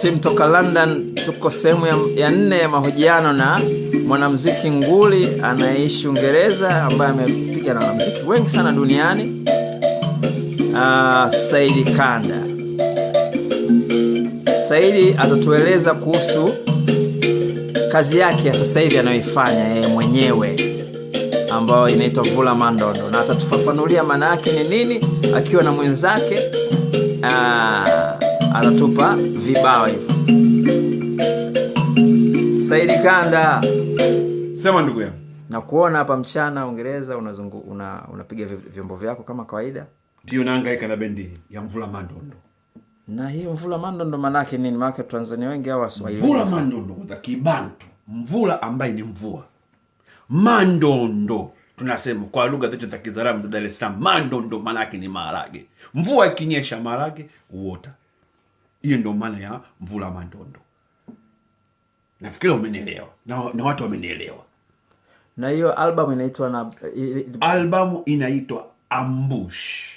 simu toka London. Tuko sehemu ya nne ya mahojiano na mwanamuziki nguli anayeishi Uingereza, ambaye amepiga na wanamuziki wengi sana duniani, uh, ah, Saidi Kanda. Saidi atatueleza kuhusu kazi yake ya sasa hivi anayoifanya yeye mwenyewe ambayo inaitwa Vula Mandondo, na atatufafanulia maana yake ni nini akiwa na mwenzake. Aa, ah, atatupa vibao hivyo. Saidi Kanda, sema ndugu yangu, nakuona hapa mchana Uingereza, unapiga una unapiga vyombo vyako kama kawaida, ndio naangaika na bendi ya Mvula Mandondo na hiyo Mvula Mandondo manake nini? Maanake Tanzania wengi au Waswahili Mvula Mandondo kwa Kibantu, mvula ambaye ni mvua mandondo tunasema kwa lugha zetu za Kizaramu za Dar es Salaam, mandondo maana yake ni maharage. Mvua ikinyesha maharage uota. Hiyo ndio maana ya mvula mandondo. Nafikiri umenielewa na, na watu wamenielewa. Na hiyo albamu inaitwa na albamu inaitwa Ambush,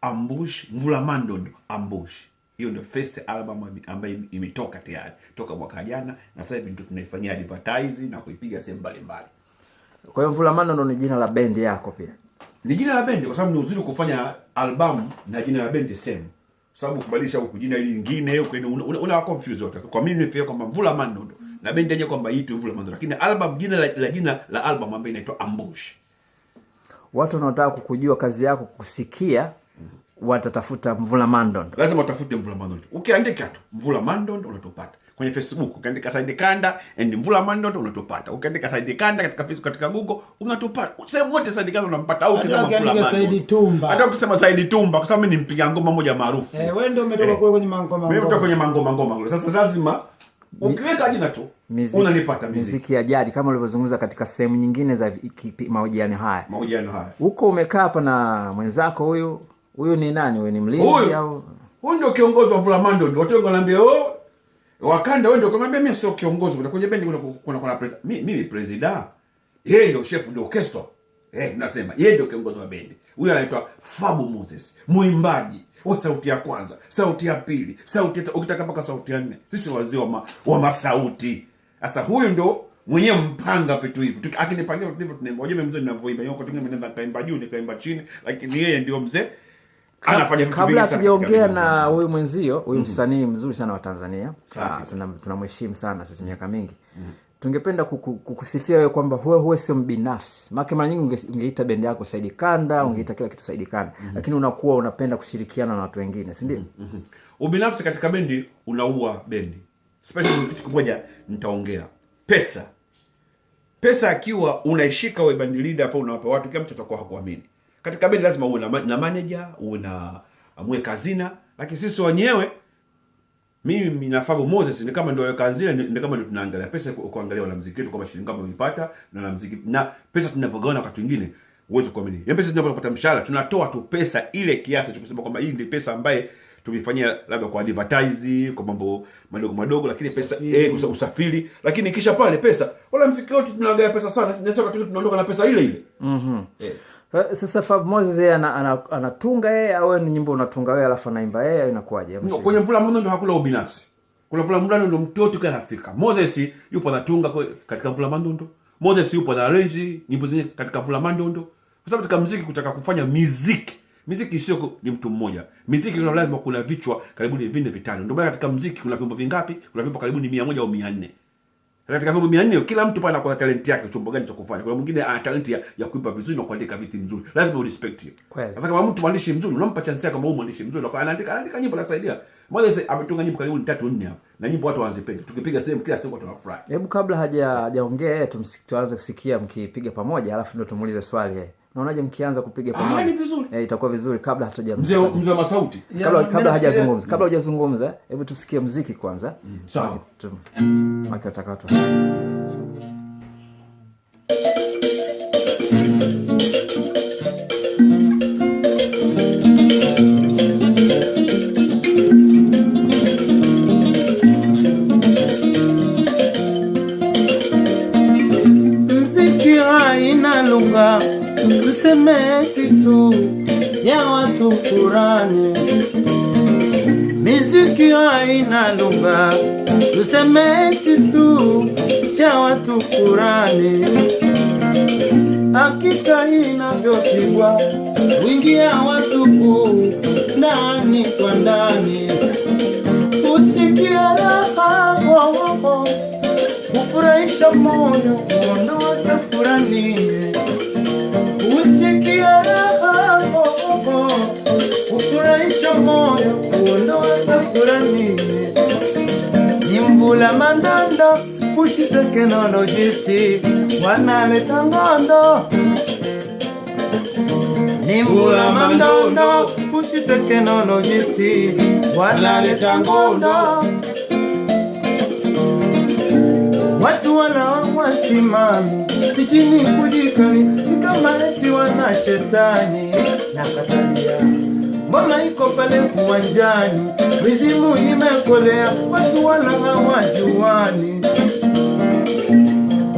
Ambush mvula mandondo Ambush. Hiyo ndio first album ambayo imetoka tayari toka mwaka jana, na sasa hivi ndio tunaifanyia advertise na kuipiga sehemu mbalimbali. Kwa hiyo Mvulamano ndo ni jina la bendi yako pia? Ni jina la bendi kwa sababu ni uzuri kufanya albamu na jina la bendi same, kwa sababu kubadilisha huku jina ili lingine huko una confuse wote. Kwa mimi nifikia kwamba Mvulamano ndo na bendi yenyewe kwamba hii tu Mvulamano, lakini album jina la, la jina la album ambayo inaitwa Ambush. Watu wanaotaka kukujua kazi yako kusikia mhm. watatafuta Mvula Mandondo, lazima utafute Mvula Mandondo. Ukiandika tu Mvula Mandondo unatupata kwenye Facebook, ukiandika Said Kanda and Mvula Man ndio unatupata. Ukiandika Said Kanda katika Facebook, katika Google unatupata. Sehemu wote Said Kanda unampata, au ukisema Mvula Man, Said Tumba, hata ukisema Said Tumba, kwa sababu mimi ni mpiga ngoma moja maarufu. Eh, wewe ndio umetoka eh. kule kwenye mangoma ngoma, mimi kutoka kwenye mangoma ngoma Sasa lazima ukiweka jina tu unanipata. mimi. Muziki ya jadi kama ulivyozungumza katika sehemu nyingine za mahojiano haya, mahojiano haya, huko umekaa hapa na mwenzako huyu. Huyu ni nani? Wewe ni mlinzi au huyu ndio kiongozi wa Mvula Man? Ndio watu wengi wanaambia oh Wakanda wewe ndio kaniambia mimi sio kiongozi, kuna kwenye bendi kuna kuna, kuna president. Mimi mimi president. Yeye ndio chef de orchestra. Eh, tunasema yeye ndio kiongozi wa bendi. Huyu anaitwa Fabu Moses, muimbaji wa sauti ya kwanza, sauti ya pili, sauti ukitaka mpaka sauti ya nne. Sisi wazee wa, ma, wa masauti. Sasa huyu ndio mwenye mpanga vitu hivi. Akinipangia vitu hivyo tunaimba. Unajua mzee ninavyoimba, yoko tungemwenda kaimba juu, nikaimba chini, lakini yeye ndio mzee kabla hatujaongea na huyu mwenzio huyu mm-hmm. msanii mzuri sana wa Tanzania, ah, tunamheshimu sana sisi miaka mingi mm-hmm. tungependa kukusifia wewe kwamba huwe, huwe sio mbinafsi. Maana mara nyingi ungeita bendi yako Saidi Kanda, mm-hmm. ungeita kila kitu Saidi Kanda mm -hmm. Lakini unakuwa unapenda kushirikiana na watu wengine, si ndio? mm -hmm. Ubinafsi katika bendi unaua bendi, kitu kimoja nitaongea, pesa. Pesa akiwa unaishika webandilida bandi unawapa watu, kila mtu atakuwa hakuamini katika bendi lazima uwe na, manager uwe na mweka hazina, lakini sisi wenyewe mimi na Moses ni kama ndio weka hazina, ni kama ndio tunaangalia pesa kuangalia mziki wetu kama shilingi kama umeipata na na mziki na pesa tunapogawana wakati mwingine uweze kuamini. Yaani pesa tunapopata mshahara tunatoa tu pesa ile kiasi cha kusema kwamba hii ndio pesa ambaye tumefanyia labda kwa advertise kwa mambo madogo madogo, lakini pesa eh, usafiri, lakini kisha pale pesa wala mziki wote tunagawa pesa sana, tunaweza tunaondoka na pesa ile ile. Mhm. Mm eh. Eh, sasa Famozi yeye anatunga yeye au ni nyimbo unatunga wewe alafu anaimba yeye inakuwaje? No, kwenye mvula mmoja ndio hakula ubinafsi. Kuna mvula mmoja ndio mtoto kana Afrika. Moses yupo anatunga katika mvula mandondo. Moses yupo na arrange nyimbo zenye katika mvula mandondo. Kwa sababu katika muziki kutaka kufanya muziki miziki sio ni mtu mmoja. Miziki kuna lazima kuna vichwa karibu ni vinne vitano. Ndio maana katika muziki kuna vyombo vingapi? Kuna vyombo karibu ni 100 au 400 katika vyombo mia nne kila mtu pale anakuwa na talenti yake, chombo gani cha kufanya. Kuna mwingine ana talenti ya, ya kuimba vizuri na kuandika vitu vizuri, lazima urespect hiyo. Sasa kama mtu mwandishi mzuri, unampa chance yake, kama mwandishi mzuri na anaandika anaandika nyimbo nasaidia sasa ametunga nyimbo karibu tatu nne hapa na nyimbo watu wanazipenda, tukipiga sehemu kila sehemu watu wanafurahi. Hebu kabla hajaongea yeye, tumsikie tuanze kusikia mkipiga pamoja, alafu ndio tumuulize swali yeye. Unaonaje mkianza kupiga pamoja? Ah, ni vizuri. Eh, itakuwa vizuri kabla hataja mzee mzee wa sauti Kabla kabla yaani, hajazungumza. Kabla hujazungumza, hebu tusikie muziki kwanza. Mm, sawa. Maka utakao tusikie. kuimba tuseme kitu ya watu furani, miziki haina lugha, tuseme kitu cha watu furani. Hakika inavyopigwa ya watu kuu ndani kwa ndani, usikie raha wao kufurahisha moyo, ondoa tafurani tekinolojisti wanaleta ngondo ni mbula mandondo uchi tekinolojisti wanaleta ngondo watu wanaowa simami si chini kujikani si wana shetani na katalia mbona iko pale kuwanjani mizimu imekolea watu wanahawa juani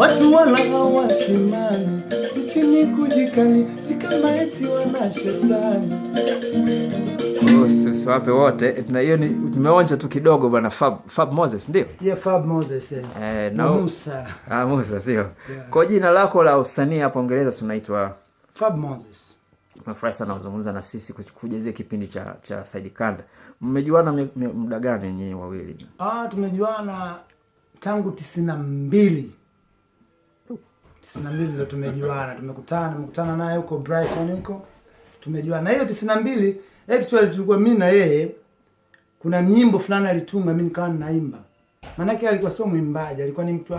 watu wala walahawasimami, si chini kujikani, si kama eti wana shetani. wape wote, na hiyo tumeonja tu kidogo bwana. Fab, Fab Moses ndio? Yeah, Fab Moses eh. Eh, na Musa. Ah, Musa sio. Yeah. Kwa jina lako la usanii hapo Uingereza unaitwa Fab Moses. Nafurahi sana kuzungumza na sisi kujazia kipindi cha cha Said Kanda. Mmejuana muda gani nyinyi wawili? Ah, tumejuana tangu tisini na mbili tisini na mbili ndo tumejuana, tumekutana, tumekutana naye huko Brighton huko tumejuana, na hiyo tisini na mbili actually tulikuwa mimi na yeye, kuna nyimbo fulani alitunga, mimi nikawa ninaimba, maanake alikuwa sio mwimbaji, alikuwa ni mtu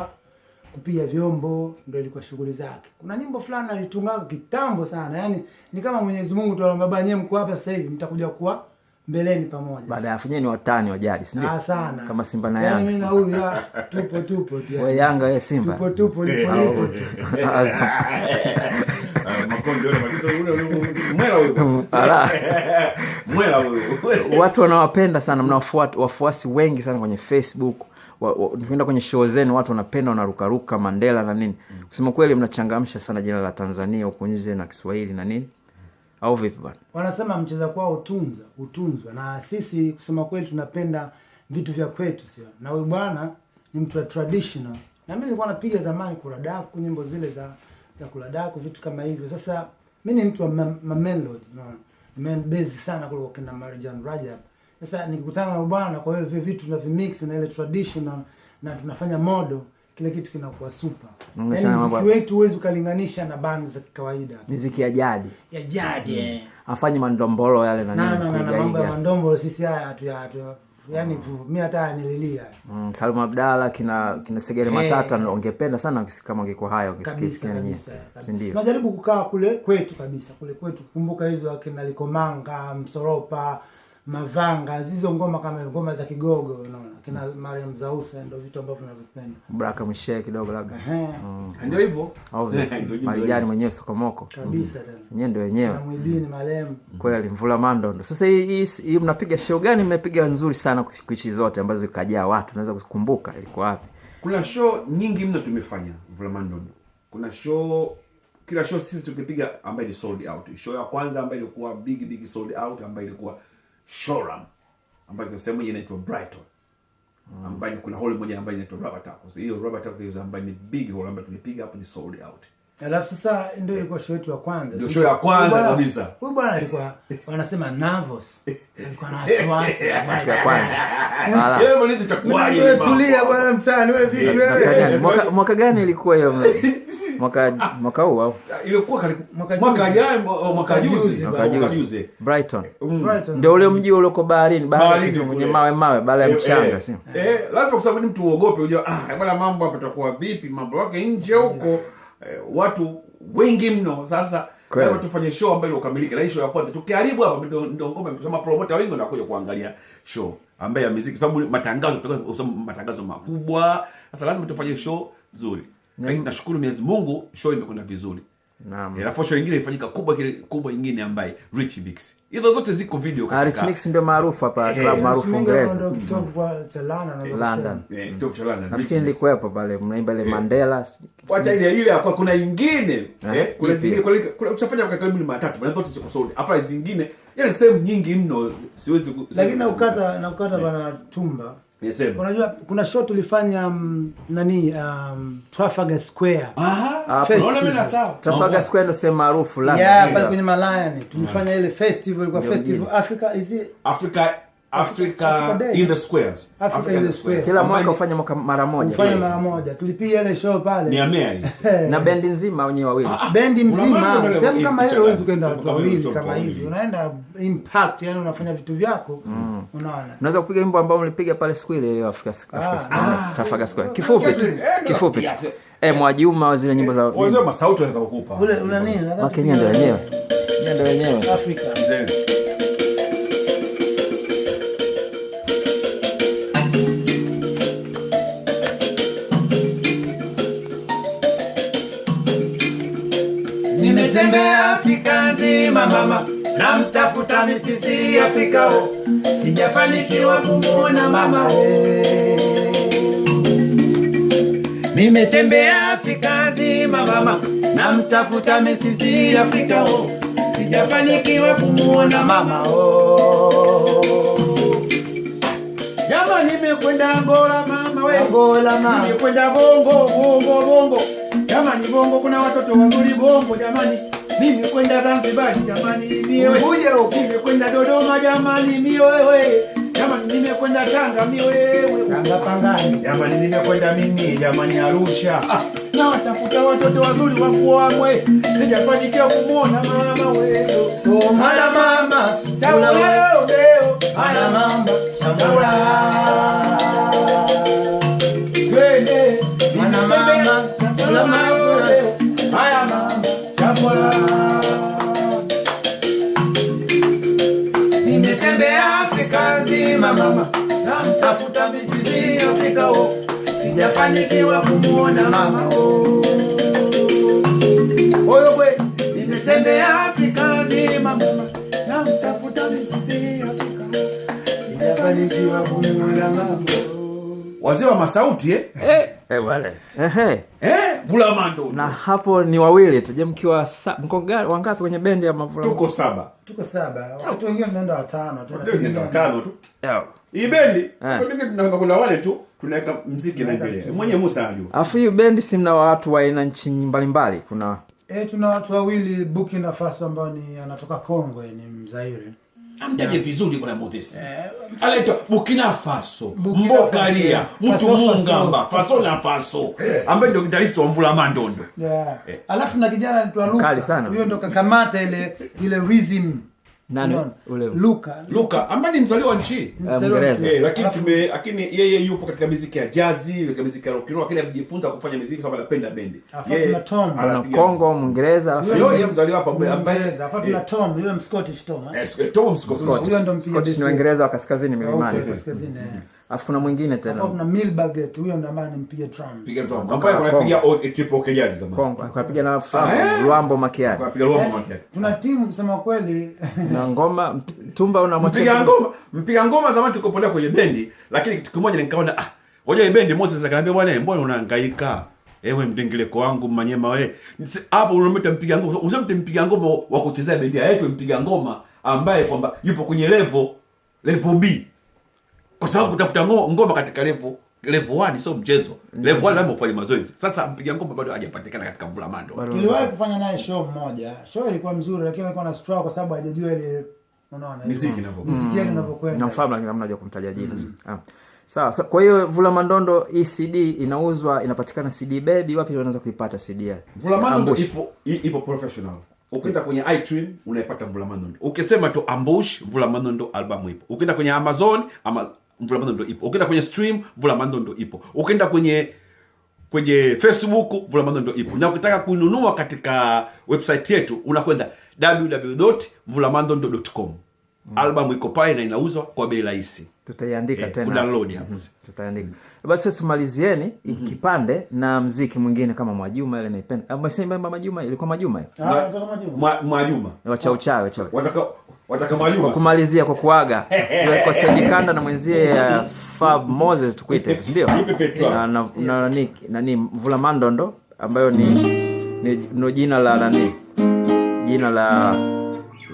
kupiga vyombo ndo ilikuwa shughuli zake. Kuna nyimbo fulani alitunga kitambo sana, yani ni kama Mwenyezi Mungu tu, baba nyewe mko hapa sasa hivi mtakuja kuwa mbeleni pamoja. Baada ya afanye ni watani wajadi, si ndio? Ah, sana. Kama Simba na yaani Yanga. mimi na huyu ya tupo tupo tu. Wewe Yanga wewe Simba. Tupo tupo ni kwa lipo. Eh, Azam. Ah, ah, Makonde yule matito yule mwela huyo. Ala. Mwela huyo. Watu wanawapenda sana, mnawafuata wafuasi wengi sana kwenye Facebook. Nikienda kwenye show zenu watu wanapenda wanarukaruka Mandela na nini. Mm. Kusema kweli mnachangamsha sana jina la Tanzania huko nje na Kiswahili na nini au vipi bwana? Wanasema mcheza kwao utunza utunzwa, na sisi kusema kweli tunapenda vitu vya kwetu, sio? Na huyu bwana ni mtu wa traditional, na mimi nilikuwa napiga zamani kuradaku, nyimbo zile za za kuradaku, vitu kama hivyo. Sasa mimi ni mtu wa ma melody, unaona, nimebase sana kule kwa kina Marjan Rajab. Sasa nikikutana na bwana, kwa hiyo vitu na vimix na ile traditional na tunafanya model kila kitu kinakuwa supa Yaani muziki wetu huwezi ukalinganisha na bandi za kikawaida miziki ya jadi. Ya jadi. Mm. Eh. Afanye mandombolo yale na nini. Na na na mambo ya mandombolo sisi haya hatu ya hatu. Yaani mm. mimi hata nililia. Mm, Salma Abdala kina kina Segere hey. Eh. Matata ungependa sana kama ungekuwa hayo ukisikia yenyewe. Si ndio? Tunajaribu kukaa kule kwetu kabisa, kule kwetu kumbuka hizo akina Likomanga, Msoropa, Mavanga, zizo ngoma kama ngoma za Kigogo unaona kina mm. Mariam Zausa ndio vitu ambavyo tunavipenda. Baraka mshe kidogo labda. Ehe. Mm. Ndio hivyo. Au Marijani mwenyewe sokomoko. Kabisa mm. tena. Mwenyewe ndio wenyewe. Na mwidini marehemu. Kweli mvula mando ndo. Sasa hii hii mnapiga show gani? Mmepiga nzuri sana kuishi zote ambazo ikajaa watu. naweza kukumbuka ilikuwa wapi? Kuna show nyingi mno tumefanya mvula mando. Kuna show kila show sisi tukipiga ambayo ni sold out. Show ya kwanza ambayo ilikuwa big big sold out ambayo ilikuwa Shoram ambayo sehemu inaitwa Brighton mm. ambayo kuna hole moja ambayo inaitwa rubber tacos. Hiyo rubber tackles ambayo ni big hole ambayo tumepiga hapo, ni sold out. Alafu sasa ndio eh. ilikuwa show yetu ya kwanza. Ndio show ya kwanza kabisa. Huyu bwana alikuwa wanasema nervous. Alikuwa na wasiwasi ya kwanza. Yeye mlinzi takuwaje? Tulia bwana mtani wewe vipi wewe? Mwaka gani ilikuwa hiyo? mwaka ah. mwaka huu au ah, ilikuwa mwaka jana mwaka oh, juzi mwaka juzi mm. Brighton ndio ule mji ule uko baharini baharini kwenye mawe mawe baada ya eh, mchanga eh. si eh lazima kwa sababu ni mtu uogope unajua ah bwana mambo hapa tutakuwa vipi mambo yake nje huko eh, watu wengi mno sasa Kweli. Tufanye show ambayo ukamilike na show ya kwanza. Tukiharibu hapa ndio ndio ngome kusema promoter wengi wanakuja kuangalia show ambayo ya muziki, sababu matangazo matangazo makubwa. Sasa lazima tufanye show nzuri lakini nashukuru Mwenyezi Mungu, show imekwenda vizuri. Alafu sho ingine ifanyika kubwa kile kubwa ingine ambaye Rich Mix. Hizo zote ziko video katika. ndio maarufu hapa eh. club maarufu Uingereza. Eh, Nafikiri nilikuwepo pale mnaimba ile eh. Mandela. Wacha ile ile hapa kuna ingine Eh, kuna karibu ni matatu. Bana zote ziko Hapa zingine yale sehemu nyingi mno siwezi. Lakini na ukata bana tumba. Nisema. Unajua kuna show tulifanya um, nani um, Trafalgar Square. Aha. Unaona mimi na sawa. Trafalgar Square ndio sema maarufu la. Yeah, pale kwenye Malaya ni. Tulifanya mm. ile festival kwa Festival Africa is it? Africa Africa, Africa in the squares. Africa, Africa in the squares. Kila mwaka ufanye mwaka mara moja. Ufanye mara moja. Tulipia ile show pale. Ni amea hiyo. na bendi nzima wenyewe wawili. Ah, ah. bendi mzima. Sema kama hilo huwezi kwenda wawili kama hivi. Unaenda impact, yani unafanya vitu vyako. Mm. Unaona. Unaweza kupiga wimbo ambao mlipiga pale siku ile hiyo Africa Africa ah, Trafalgar Square. Kifupi tu. Kifupi. Eh, Mwajuma zile nyimbo za. Wazee masauti wanaweza kukupa. Ule una nini? Wakenya ndio wenyewe. Ndio wenyewe. Africa. mlima mama, namtafuta mizizi Afrikao, sijafanikiwa kumuona mama we. Nimetembea Afrika nzima mama, namtafuta mizizi Afrika o, sijafanikiwa kumuona mama o. Jama, nimekwenda Angola mama we, Angola mama, nimekwenda bongo bongo bongo, jamani bongo, kuna watoto wazuri bongo jamani. Mimi kwenda Zanzibar jamani, mimi wewe. Mimi kwenda Dodoma jamani, mimi wewe. Jamani nimekwenda Tanga mimi wewe. Tanga Pangani. Jamani nimekwenda mimi jamani Arusha. Ah, na watafuta watoto wazuri wa kuoa wewe. Sijafanikiwa kumuona mama wewe. Oh, mama mama. Tawala wewe. Ana mama. Shamala. Oh. sijafanikiwa kumuona mama oh. Oyo kwe nimetembea Afrika nzima mama na mtafuta mizizi Afrika sijafanikiwa kumuona mama. Wazee wa masauti eh? Hey. Eh, Eh, eh, na hapo ni wawili tu. Je, mkiwa wangapi kwenye bendi ya Mavulana? Tuko saba. Tuko saba. Watu wengine tunaenda watano watano tu. Hii bendi, eh. kuna wale tu tunaweka mziki na mbele. Mwenye Musa Alafu hii bendi si mna watu wa aina nchi mbalimbali. Kuna eh, tuna watu wawili Burkina Faso ambao ni anatoka Kongo, ni mzairi amtaje vizuri bwana Modesi eh, anaitwa Burkina Faso, Mbokalia, eh. mtu Mungamba, Faso na Faso, eh. ambaye ndio gitaristi wa Mvulama Ndondo. Alafu na kijana anaitwa Luka, huyo ndo kakamata ile ile rhythm Luka. ambaye ni mzaliwa nchi eh, eh, lakini tume lakini yeye yupo katika miziki ya jazi katika miziki ya rokiro and lakini amejifunza kufanya miziki sababu anapenda bendi. Yeye ana Kongo Mngereza, alafu yeye mzaliwa hapa kwa Mngereza. Alafu na eh. Tom, yule Mscottish Tom. Eh, Tom Mscottish. Huyo Mscottish ni Mngereza wa kaskazini milimani. Kaskazini. Alafu kuna mwingine tena. Kuna Milberget huyo ndo ambaye anampiga drum. Piga drum. Ambaye anapiga eh, triple kejazi zamani. Kongo akapiga na ah, eh? Luambo Makiadi. Akapiga Luambo yaani, Makiadi. Tuna ah. timu kusema kweli. Na ngoma tumba una mwacha. Mpiga ngoma, mpiga ngoma zamani tukopotea kwenye bendi, lakini kitu kimoja nikaona ah, ngoja bendi Moses akaniambia bwana, mbona unahangaika? Ewe mdengeleko wangu manyema we. Hapo unamwita mpiga ngoma, usamte mpiga ngoma wa kuchezea bendi yetu mpiga ngoma ambaye kwamba yupo kwenye level level B kwa sababu kutafuta ngoma katika levo levo 1 sio mchezo. Mm. levo 1 lazima ufanye mazoezi. Sasa mpiga ngoma bado hajapatikana katika Mvula Mando. Tuliwahi kufanya naye show mmoja show ilikuwa mzuri, lakini alikuwa na struggle kwa sababu hajajua ile, unaona muziki inavyokwenda, muziki yake inavyokwenda, mfano lakini namna ya kumtaja jina mm. ah. Sawa, so, kwa hiyo Vula Mandondo hii CD inauzwa inapatikana CD Baby, wapi wanaweza kuipata CD yake? Vula Mandondo ipo ipo professional. Ukienda kwenye iTunes unaipata Vula Mandondo. Ukisema tu Ambush Vula Mandondo albamu ipo. Ukienda kwenye Amazon ama Vulamando ndo ipo. Ukienda kwenye stream Vulamando ndo ipo. Ukienda kwenye kwenye Facebook Vulamando ndo ipo. Na ukitaka kununua katika website yetu unakwenda www.vulamando.com. Mm. Albamu iko pale na inauzwa kwa bei rahisi. Tutaiandika eh, tena. Kudownload hapo. Mm -hmm. Tutaiandika. Basi sasa tumalizieni mm -hmm. kipande na mziki mwingine kama Mwajuma ile naipenda. Ah, Mwajuma ilikuwa Mwajuma hiyo. Ah, Mwajuma. Mwajuma. Wa chao Wataka kwa kumalizia kwa kuaga kwa Sedikanda na mwenzie uh, Fab Moses tukuite, ndio na na nani na, na, ambayo ni ni jina la nani jina la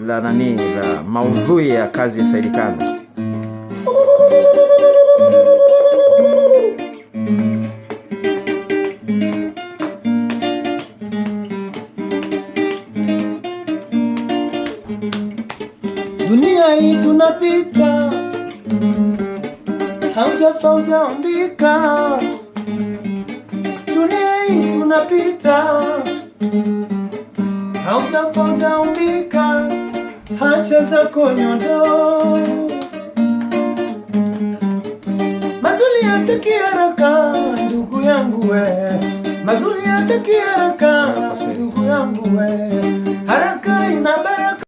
la nani la maudhui ya kazi ya kanda Dunia hii tunapita, haujafa hujaumbika. Dunia hii tunapita, haujafa hujaumbika. Hacha zako nyondo, mazuri hataki haraka, ndugu yangu we, mazuri hataki haraka, ndugu yangu we